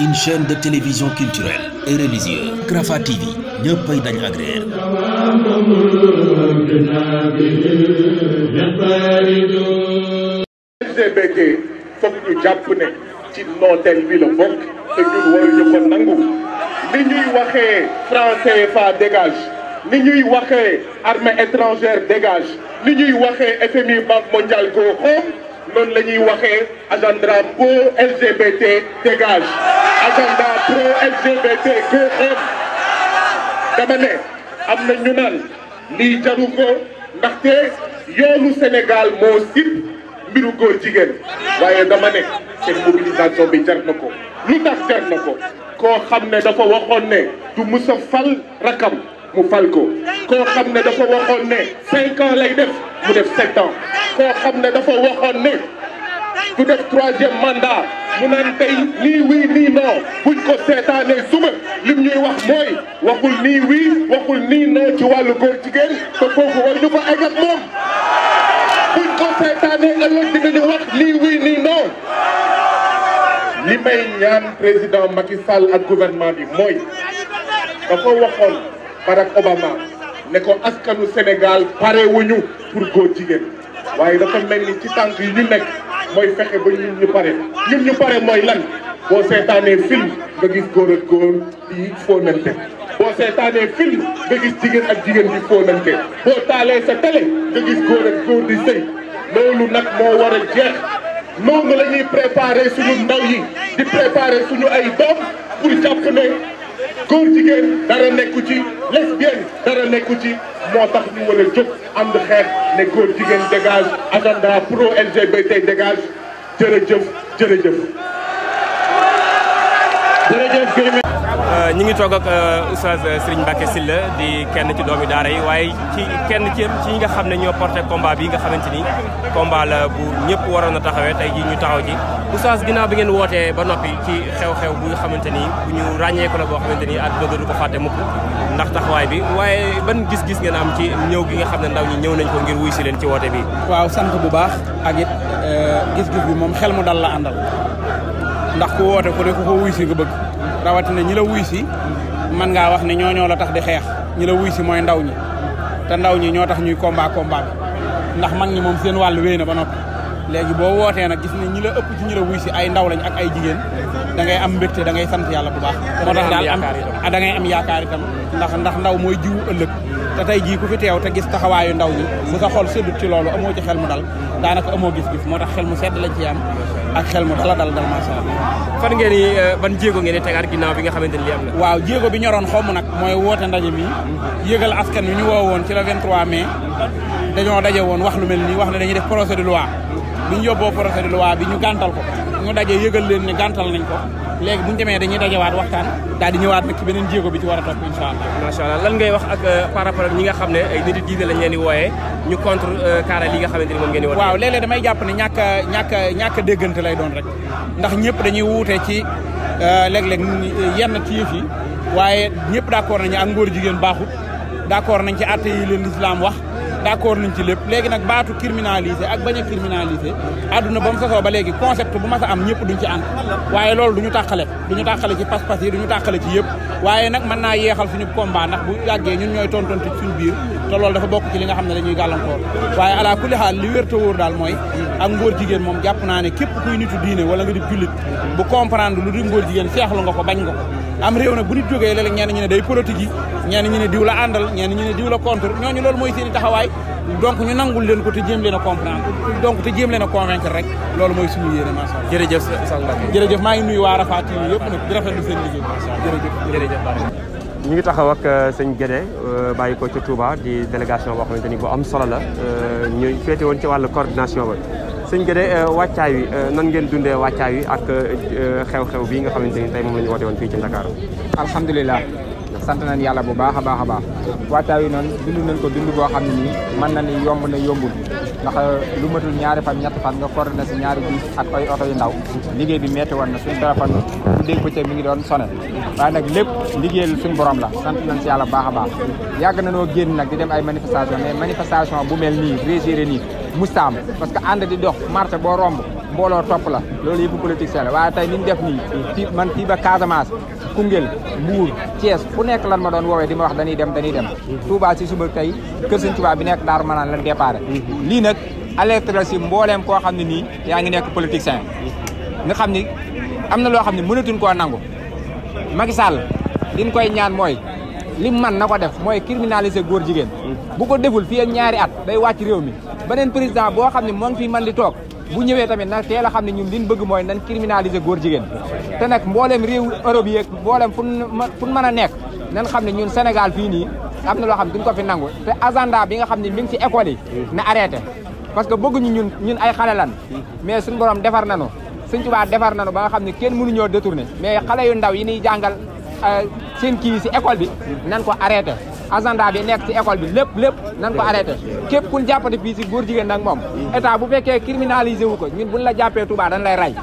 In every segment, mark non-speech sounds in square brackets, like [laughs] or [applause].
une chaîne de télévision culturelle et religieuse Rafah TV ñëppay dañ agréer LGBT foog ñu jàpp ne ci nooteel bi la bokk te ñun waruñu ko nangu ni ñuy waxee français fa dégage ni ñuy waxee armée étrangère dégage ni ñuy waxee FMI Banque mondiale go noonu la ñuy waxee agenda pro LGBT dégage agenda pro LGBT go dama ne am na ñu naan lii jaru ko ndaxte yoonu Sénégal moo sib mbiru góor jigéen waaye dama ne seen mobilisation bi jar na ko lu tax jar na ko koo xam ne dafa waxoon ne du mus fal rakam mu fal ko koo xam ne dafa waxoon ne cinq ans lay def mu def sept koo xam ne dafa waxoon ni du def troisième mandat mu naan tey nii wii nii non buñ ko seetaanee suba lim ñuy wax mooy waxul nii wii waxul nii non ci wàllu góor jigéen te foofu war ñu ko egg moom buñ ko seetaanee ëllëg dinañu wax nii wii nii non li may ñaan président Macky Sall ak gouvernement bi mooy dafa waxoon Barack Obama ne ko askanu Sénégal pare pour góor jigéen waaye dafa mel ni ci tànk yi ñu nekk mooy fexe ba ñun ñu pare ñun ñu pare mooy lan boo seetaanee film nga gis góor ak góor di fóonante boo seetaanee film nga gis jigéen ak jigéen di fóonante boo taalee sa tele nga gis góor ak góor di sëy loolu nag moo war a jeex noonu la ñuy préparer suñu ndaw yi di préparer suñu ay doom pour jàpp ne góor jigéen dara nekku ci lesbienne dara nekku ci moo tax ñu war a jóg ànd xeex ne góor jigéen dégage agenda pro LGBT dégage jërëjëf jërëjëf jërëjëf Euh, ñi ngi toog ak euh, oustaz euh, Serigne Mbacké Sylla di kenn ci doomi daara yi waaye ci kenn ci ci ñi nga xam ne ñoo porté combat bi nga xamante ni combat la bu ñëpp waroon a taxawee tey jii ñu taxaw ci oustaz ginnaaw bi ngeen wootee ba noppi ci xew-xew bu nga xamante ni bu ñu ràññee ko la boo xamante ni ak bëgg du ko fàtte mukk ndax taxawaay bi waaye ban gis-gis ngeen am ci ñëw bi nga xam ne ndaw ñi ñëw nañ ko ngir wuy si leen ci woote bi waaw sant bu baax ak it gis-gis moom xel mu dal la àndal ndax ku rawatina ñi la wuy si mën ngaa wax ne ñoo ñoo la tax di xeex ñi la wuy si mooy ndaw ñi te ndaw ñi ñoo tax ñuy combat combat ndax man ñi moom seen wàll wéy na ba noppi léegi boo wootee nag gis ne ñi la ëpp ci ñi wuy si ay ndaw lañ ak ay jigéen da ngay am mbégte da ngay sant yàlla bu baax moo tax daal am ah, da ngay am yaakaar itam ndax ndax ndaw mooy jiw ëllëg te tey jii ku fi teew te gis taxawaayu ndaw ñi bu sa xol sedd ci loolu amoo ci xel mu dal daanaka amoo gis-gis moo tax xel mu sedd la ci am ak xel mu dala dal dal macha far fan ngeen euh, ban jéego ngeen di tegaat bi nga xamante ni li am na waaw jéego bi ñoroon xaw nag mooy woote ndaje mi yëgal askan wi ñu woo woon ci le 23 mais dañoo daje woon wax lu mel nii wax na dañuy def projet de loi bi ñu yóbboo projet de loi bi ñu gàntal ko ñu dajee yëgal leen ne gàntal nañ ko léegi bu ñu demee dañuy dajawaat waxtaan daal di ñëwaat nag ci beneen jéego bi ci war a topp incha allah. macha allah lan ngay wax ak euh, par ñi nga xam ne ay nit diine lañ wooyee ñu contre carré euh, li nga xamante ni moom ngeen di. waaw léeg-léeg damay jàpp ne ñàkk a ñàkk a lay doon rek ndax ñëpp dañuy wuute ci euh, léeg-léeg yenn ci yëf yi waaye ñëpp d' accord nañu ak ngóor jigéen baaxut d' accord nañ ci àtte yi leen lislaam wax d'accord nañ ci lépp léegi nag baatu criminaliser ak bañ a criminaliser àdduna ba sosoo ba léegi concept bu mas a am ñëpp duñ ci ànd waaye loolu du ñu tàqale du ñu tàqale ci pas-pas yi ñu tàqale ci yëpp waaye nag mën naa yeexal suñu combat ndax bu yàggee ñun ñooy tontonti suñu biir te loolu dafa bokk ci li nga xam ne dañuy gàllankoor waaye ala ku xaal li wér te wóor daal mooy ak ngóor jigéen moom jàpp naa ne képp kuy nitu diine wala nga di jullit bu comprendre lu di ngóor nga ko bañ nga am réew nag bu nit jógee léeg-léeg ñenn ñu ne day politique yi ñenn ñu ne diw la àndal ñenn ñu la contre ñooñu loolu mooy seen i taxawaay donc ñu nangul leen ko te jéem leen a comprendre donc te jéem leen a convaincre rek loolu mooy suñu yéene macha allah. jërëjëf Sall Mbacke jërëjëf maa ngi nuyu waa rafaat TV lépp nag di rafetlu seen liggéey macha allah jërëjëf jërëjëf ñu ngi taxaw ak euh, sëñ Guédé euh, bàyyi ko ci Touba di délégation boo xamante ni bu am solo la euh, ñu féete woon ci wàllu coordination sëñ Guédé euh, wàccaay wi euh, nan ngeen dundee wàccaay yi ak euh, xew-xew bii nga xamante ni tey moom la ñu woote woon fii ci Dakar. alhamdulilah sant nañ yàlla bu baax a baax a baax wàccaay wi noonu dund nañ ko dund boo xam nii mën na ni yomb na yombul ndax lu matul ñaari fan ñett fan nga coordonné si ñaari bus ak ay oto yu ndaw liggéey bi metti na suñu téléphone bu mi ngi doon soné waaye nag lépp liggéeyal suñu borom la sant nañ si yàlla baax a baax yàgg na noo génn nag di dem ay manifestation mais manifestation bu mel nii régiré nii mustaam parce que ànd di dox marché boo romb mbooloo topp la loolu yëpp politique la waaye tey ni ñu def nii man fii ba Casamance Koungheul Mbour cees fu nekk lan ma doon woowee di ma wax dañuy dem dañuy dem Touba si suba tey kër Sëñ bi nekk daar Manaan lan déparé lii nag alerte la si mbooleem koo xam ne nii yaa ngi nekk politicien nga xam ni am na loo xam ne mënatuñ koo nangu Macky Sall liñ koy ñaan mooy li man na ko def mooy criminaliser góor jigéen bu ko deful fii ñaari at day wàcc réew mi beneen président boo xam ne moo ngi fii man di toog bu ñëwee tamit nag teel a xam ne ñun liñ bëgg mooy nan criminaliser góor jigéen te nag mbooleem réew Europe yeeg mbooleem fu fu mën a nekk nan xam ne ñun Sénégal fii nii am na loo xam ne ko fi nangu te agenda bi nga xam ne mi ngi ci école na arrêté parce que bëgguñu ñun ñun ay xalelan mais suñu borom defar nañu suñ tubaa defar nañu ba nga xam ne kenn mënuñoo détourné mais xale yu ndaw yi ñuy jàngal Euh, seen kii si école bi nan ko arrêté agenda bi nekk ci école bi lépp lépp nan ko arrêté képp kun jàppati fii si góor jigéen nag moom état bu fekkee criminalisé wu ko ñun buñ la jàppee Touba dañ lay rey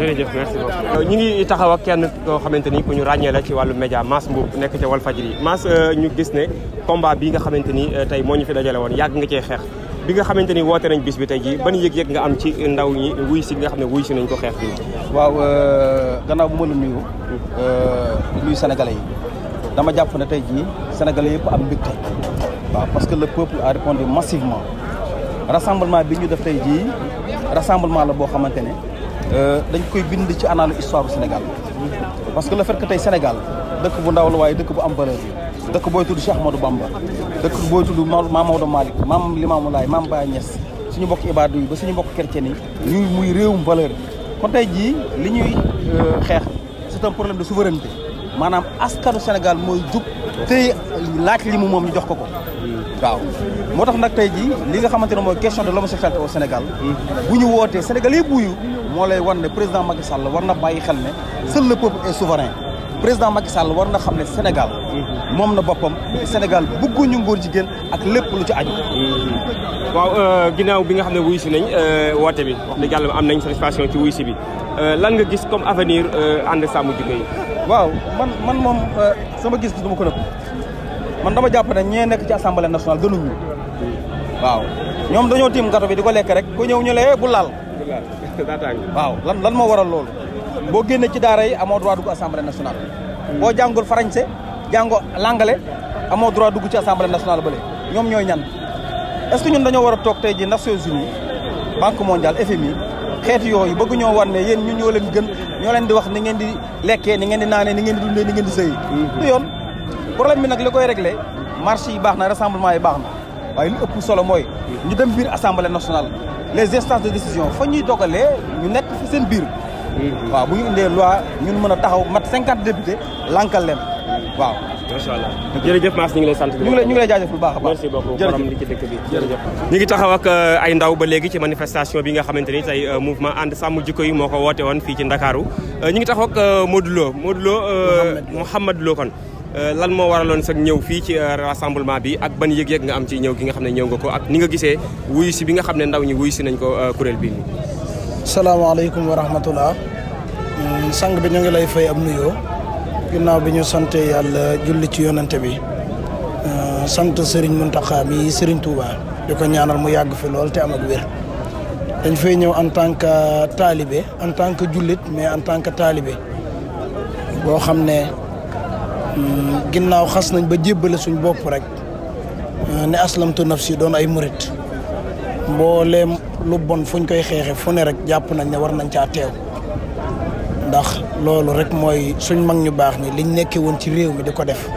jërëjëf euh, ñu ngi taxaw ak kenn koo xamante ni ku ñu ràññee la ci wàllu média Mass Mboup nekk ca Walfadjri Mass euh, ñu gis ne combat bi nga xamante ni tey moo ñu fi dajale woon yàgg nga cee xeex bi nga xamante ni woote nañ bis bi tey jii ban yëg-yëg nga am ci ndaw ñi wuy si nga xam ne wuy si nañ ko xeex bi. waaw euh, gannaaw bu ma la nuyu. Euh, nuyu sénégalais yi. dama jàpp ne tey jii sénégalais yëpp am mbégte. waaw parce que le peuple a répondu massivement. rassemblement bi ñu def tey jii rassemblement la boo xamante ne euh, dañ koy bind ci annaalu histoire du Sénégal. parce que la fekk tey Sénégal dëkk bu ndaw la waaye dëkk bu am valeur dëkk booy tudd Cheikh Ahmadou Bamba dëkk booy tudd maam Maodo Malick maam Limamou Laye maam Baye Niass suñu mbokk ibaadu yi ba suñu mbokk chrétien yi ñuy muy réewum valeur kon tey jii li ñuy euh, xeex c'est un problème de souveraineté maanaam askanu Sénégal mooy jub te laaj li mu moom ñu jox ko ko waaw moo tax nag tey jii li nga xamante ne mooy question de l'homosexualité au Sénégal bu ñu wootee Sénégal yi buyu moo lay wan ne président Macky Sall war na bàyyi xel ne seul le peuple est souverain président Macky Sall war na xam ne Sénégal moom na boppam Sénégal bëgguñu ngóor jigéen ak lépp lu ci aj mm. waaw euh, ginnaaw bi nga xam ne wuy si nañ euh, woote bi wax dëgg yàlla am nañ satisfaction ci wuy si bi euh, lan nga gis comme avenir ànd sàmm jikko yi waaw man man moom sama gis-gis du ko nëpp man dama jàpp ne ñee nekk ci assemblée nationale gënuñu waaw ñoom dañoo tiim ngato bi di ko lekk rek ku ñëw ñu lee eh, bu laal [laughs] waaw lan lan moo waral loolu boo génne ci daara yi amoo droit dugg assemblée nationale. boo jàngul français jàngoo langale amoo droit dugg ci assemblée nationale bële ñoom ñooy ñan. est que ñun dañoo war a toog tey ji Nations Unies banque mondiale FMI xeetu yooyu bëgg ñoo war ne yéen ñu ñoo leen gën ñoo leen di wax ni ngeen di lekkee ni ngeen di naanee ni ngeen di dundee ni ngeen di sëyi. Mhm. du yoon problème bi nag li koy réglé marche yi baax na rassemblement yi baax na waaye ëpp solo mooy. ñu dem biir assemblée nationale les instances décision fa ñuy dogalee ñu nekk seen biir. waaw bu ñu indee loi ñun mën a taxaw mat cinquante député lankal leen waaw. macha allah jërëjëf Mass ñu ngi lay sant. ñu ñu ngi jaajëf bu baax a baax. merci beaucoup borom li ci dëkk bi ngi taxaw ak euh, ay ndaw ba léegi ci manifestation bi nga xamante ni tey euh, mouvement ànd sàmm jikko yi moo ko woote woon fii ci Ndakaaru euh, ñu ngi taxaw ak Modou Lo Modou Lo Mouhamed Lo kon lan moo waraloon sa ñëw fii ci rassemblement bi ak ban yëg-yëg nga am ci ñëw gi nga xam ne ñëw nga ko ak ni nga gisee wuyu si bi nga xam ne ndaw ñi wuyu si nañ ko kuréel bii salaamaaleykum wa rahmatullah mm, sang bi ñu ngi lay fay am nuyoo ginnaaw bi ñu santee yàlla julli ci yonante bi mm, sant Serigne Mountakha mi Serigne Touba di ko ñaanal mu yàgg fi lool te am ak dañ fay ñëw en tant que taalibe en tant que jullit mais en tant que taalibe boo xam ne mm, ginnaaw xas nañ ba jébbale suñ bopp rek ne aslamtu nafsi doon ay murit mbooleem lu bon fuñ koy xeexe fu ne rek jàpp nañ ne war nañ caa teew ndax loolu rek mooy suñ mag ñu baax ñi liñ nekkee woon ci réew mi di ko def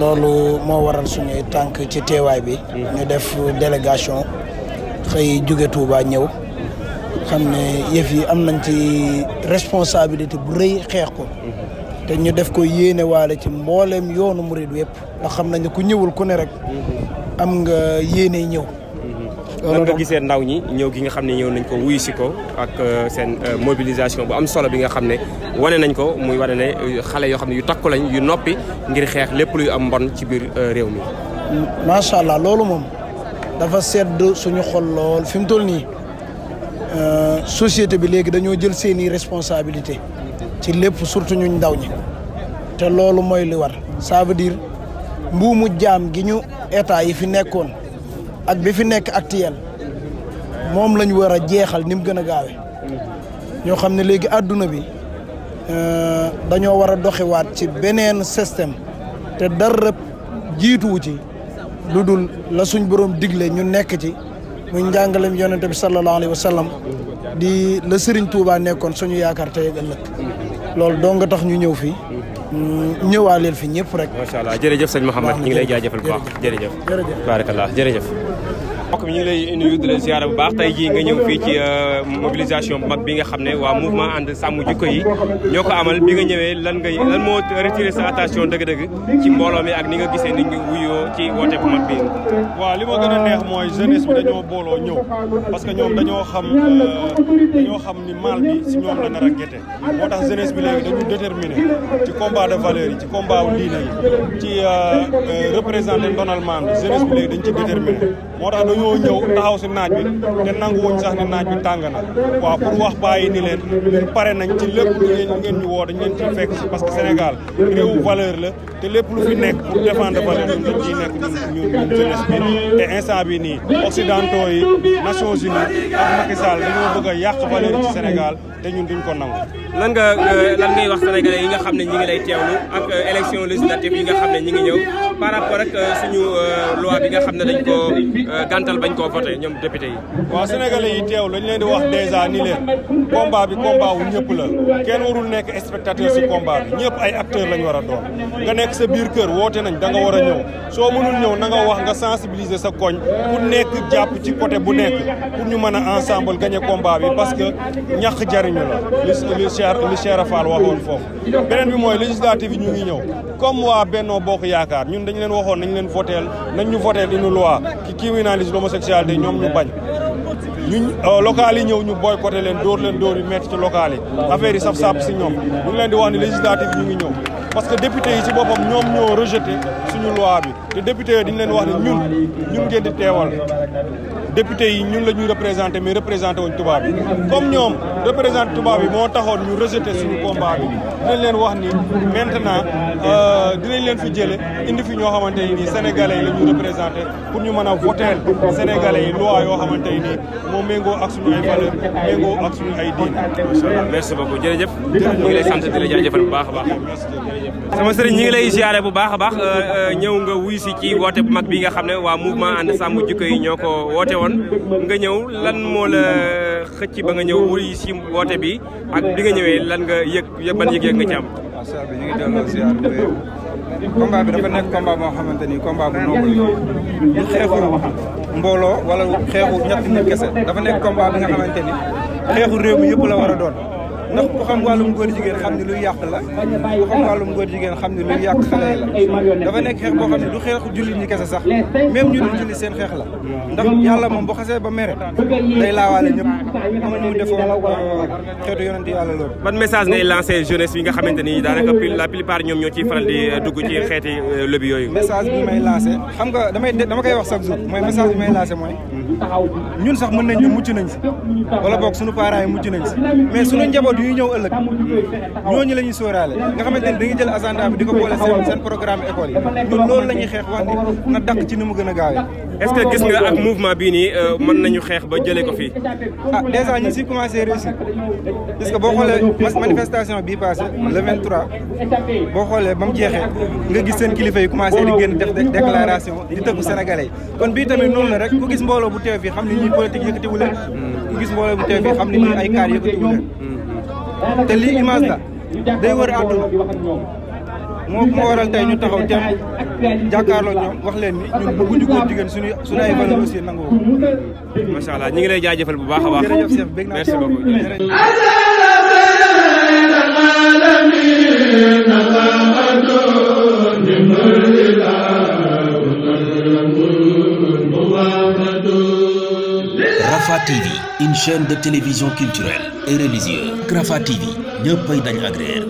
loolu moo waral suñuy tànk ci teewaay bi ñu def délégation xëy jóge Touba ñëw xam ne yëf yi am nañ ci responsabilité bu rëy xeex ko te ñu def ko yéene waale ci mbooleem yoonu murid yëpp ndax xam nañu ku ñëwul ku ne rek am nga yéene ñëw Euh, nan ndaw ñi ñëw gi nga xam ne ñëw nañ ko wuyu ko ak euh, seen euh, mobilisation bu am solo bi nga xam ne wane nañ ko muy wane ne xale yoo xam ne yu takku lañ yu noppi ngir xeex lépp luy am mbon ci biir réew mi. macha allah loolu moom dafa sedd suñu xol lool fi mu toll nii société bi léegi dañoo jël seeni responsabilité ci lépp surtout ñuñ ndaw ñi te loolu mooy li war ça veut dire mbuumu jaam gi ñu état yi fi nekkoon. ak bi fi nekk actuel moom lañ war a jeexal ni gën a gaawe ñoo xam ne léegi àdduna bi euh, dañoo war a doxewaat ci beneen système te dara jiituwu ci lu dul la suñ borom digle ñu nekk ci muy njàngalem yonente bi sallallahu alayhi wa sallam di la Serigne Touba nekkoon suñu yaakaar tey ak ëllëg loolu doo nga tax ñu ñëw fii mm, ñëwaaleel fi ñëpp rek. macha allah jërëjëf sëñ Mouhamed ñu ngi lay jaajëfal bu baax jërëjëf. jërëjëf baarakallah jërëjëf. mbokk mi ñu ngi lay nuyu di la ziara bu baax tey jii nga ñëw fii ci euh, mobilisation bu mag bi nga xam ne waa mouvement ànd sàmm jikko yi ñoo ko amal bi nga ñëwee lan nga lan moo retiré sa attention dëgg-dëgg ci mbooloo mi ak ni nga gisee ni ngi wuyoo ci woote bu mag bi waaw li ma gën a neex mooy jeunesse bi dañoo booloo ñëw parce que ñoom dañoo xam euh, xam ni mal bi si ñoom la nar a moo tax jeunesse bi léegi dañu déterminé ci combat de valeur yi ci combat wu ci euh, représenté ndonal maam bi jeunesse bi moo tax dañoo ñëw taxaw si naaj bi te nangu wuñ sax ne naaj bi tàng na waaw pour wax bàyyi ni leen ñun pare nañ ci lépp lu ngeen lu ñu woo dañ leen ciy fekk si parce que Sénégal réewu valeur la te lépp lu fi nekk pour défendre valeur ñun dañ ciy nekk ñun ñun jeunesse bi te instant bi nii occidentaux yi Nations Unies ak Macky Sall dañoo bëgg yàq valeur ci Sénégal te ñu duñ ko nangu lan nga euh, lan ngay wax sénégalais yi nga xam ne ñi ngi lay teewlu ak euh, élection législative yi nga xam ne ñi par rapport ak euh, suñu euh, loi bi nga xam ne dañ ko euh, gàntal bañ koo voté ñoom député yi. waaw sénégalais yi teew lañ leen di wax dèjà ni leen combat bi combat wu ñëpp la kenn warul nekk spectateur si combat bi ñëpp ay acteur lañ war a doon nga nekk sa biir kër woote nañ da nga a ñëw soo mënul ñëw na nga wax nga sensibiliser sa koñ ku nekk jàpp ci côté bu nekk pour ñu mën a ensemble gagné combat bi parce que ñax jariñu la li li cher li cher a foofu beneen bi mooy législative ñu ngi ñëw dañu leen waxoon nañu leen voté nañ ñu voté une loi qui criminalise l'homosexualité ñoom ñu bañ. ñu euh, locales yi ñëw ñu boycotté leen dóor leen dóor yu métti ci locales yi affaire yi saf sap si ñoom ñu ngi leen di wax ni législative ñu ngi ñëw parce que député si boppam ñoom ñoo rejeté suñu loi bi te député yooyu dañu leen wax ni ñun ñun ngeen di teewal. député yi ñun la ñuy représenté mais représenté wuñ tubaab yi comme ñoom représenté tubaab yi moo taxoon ñu rejeté suñu combat bi dinañ leen wax ni maintenant euh, dinañ leen fi jële indi fi ñoo xamante yi nii sénégalais yi la ñuy représenté pour ñu mën a voter sénégalais yi loi yoo xamante yi nii moo méngoo ak suñu ay valeur méngoo ak suñu ay diine merci beaucoup jërëjëf ñu ngi lay sant di la jërëjëfal bu baax a baax sama sëriñ ñi ngi lay ziare bu baax a baax euh, euh, ñëw nga wu si ci woote bu mag bi nga xam ne waa mu ma ànd sàmm jikko yi ñoo ko woote woon nga ñëw lan moo la xëcc ba nga ñëw wuy si woote bi ak bi nga ñëwee lan nga yëg ban yëg-yëg nga ci am. waaw ah, bi ñu bu combat bi dafa nekk combat moo xamante ni combat bu noble du xeexu mbooloo wala xeexu ñett nit kese dafa nekk combat bi nga xamante réew mi yëpp la war a doon. ndax ku xam wàllum góor jigéen xam ne luy yàq la ku xam wàllum góor jigéen xam ne luy yàq xale la dafa nekk xeex boo xam ne du xeexu jullit ñi kese sax même ñun mucc nañ si wala boog suñu parents mucc nañ si mais suñu njaboot ñuy ñëw ëllëg hmm. ñooñu la ñuy nga xamante ni dañuy jël agenda bi di ko boole seen programme école yi ñun a gaawee est euh, nañu xeex ba jëlee ko fii ah déjà ñu si commencé réussir parce que boo xoolee manifestation bii passé boo xoolee ba mu jeexee nga gis seen kilifa yi commencé di génn def déclaration di tëggu sénégalais yi kon bii tamit noonu la rek ku gis mbooloo bu teew fii xam ne ñuy politique yëkkatiwu leen hmm. ku gis mbooloo bu teew fii xam ne ñuy ay kaar yëkkatiwu leen hmm. te lii image la day wër àdduna moo waral tey ñu taxaw teem jàkkaarloo ñoom wax leen ni ñun bëgguñu góor jigéen suñu ay valeur aussi nangoo macha allah ñu ngi lay jaajëfal bu baax a baax jërëjëf Cheikh bég naa merci beaucoup Rafah TV une de télévision culturelle et religieuse Rafah TV ñëppay dañ agréer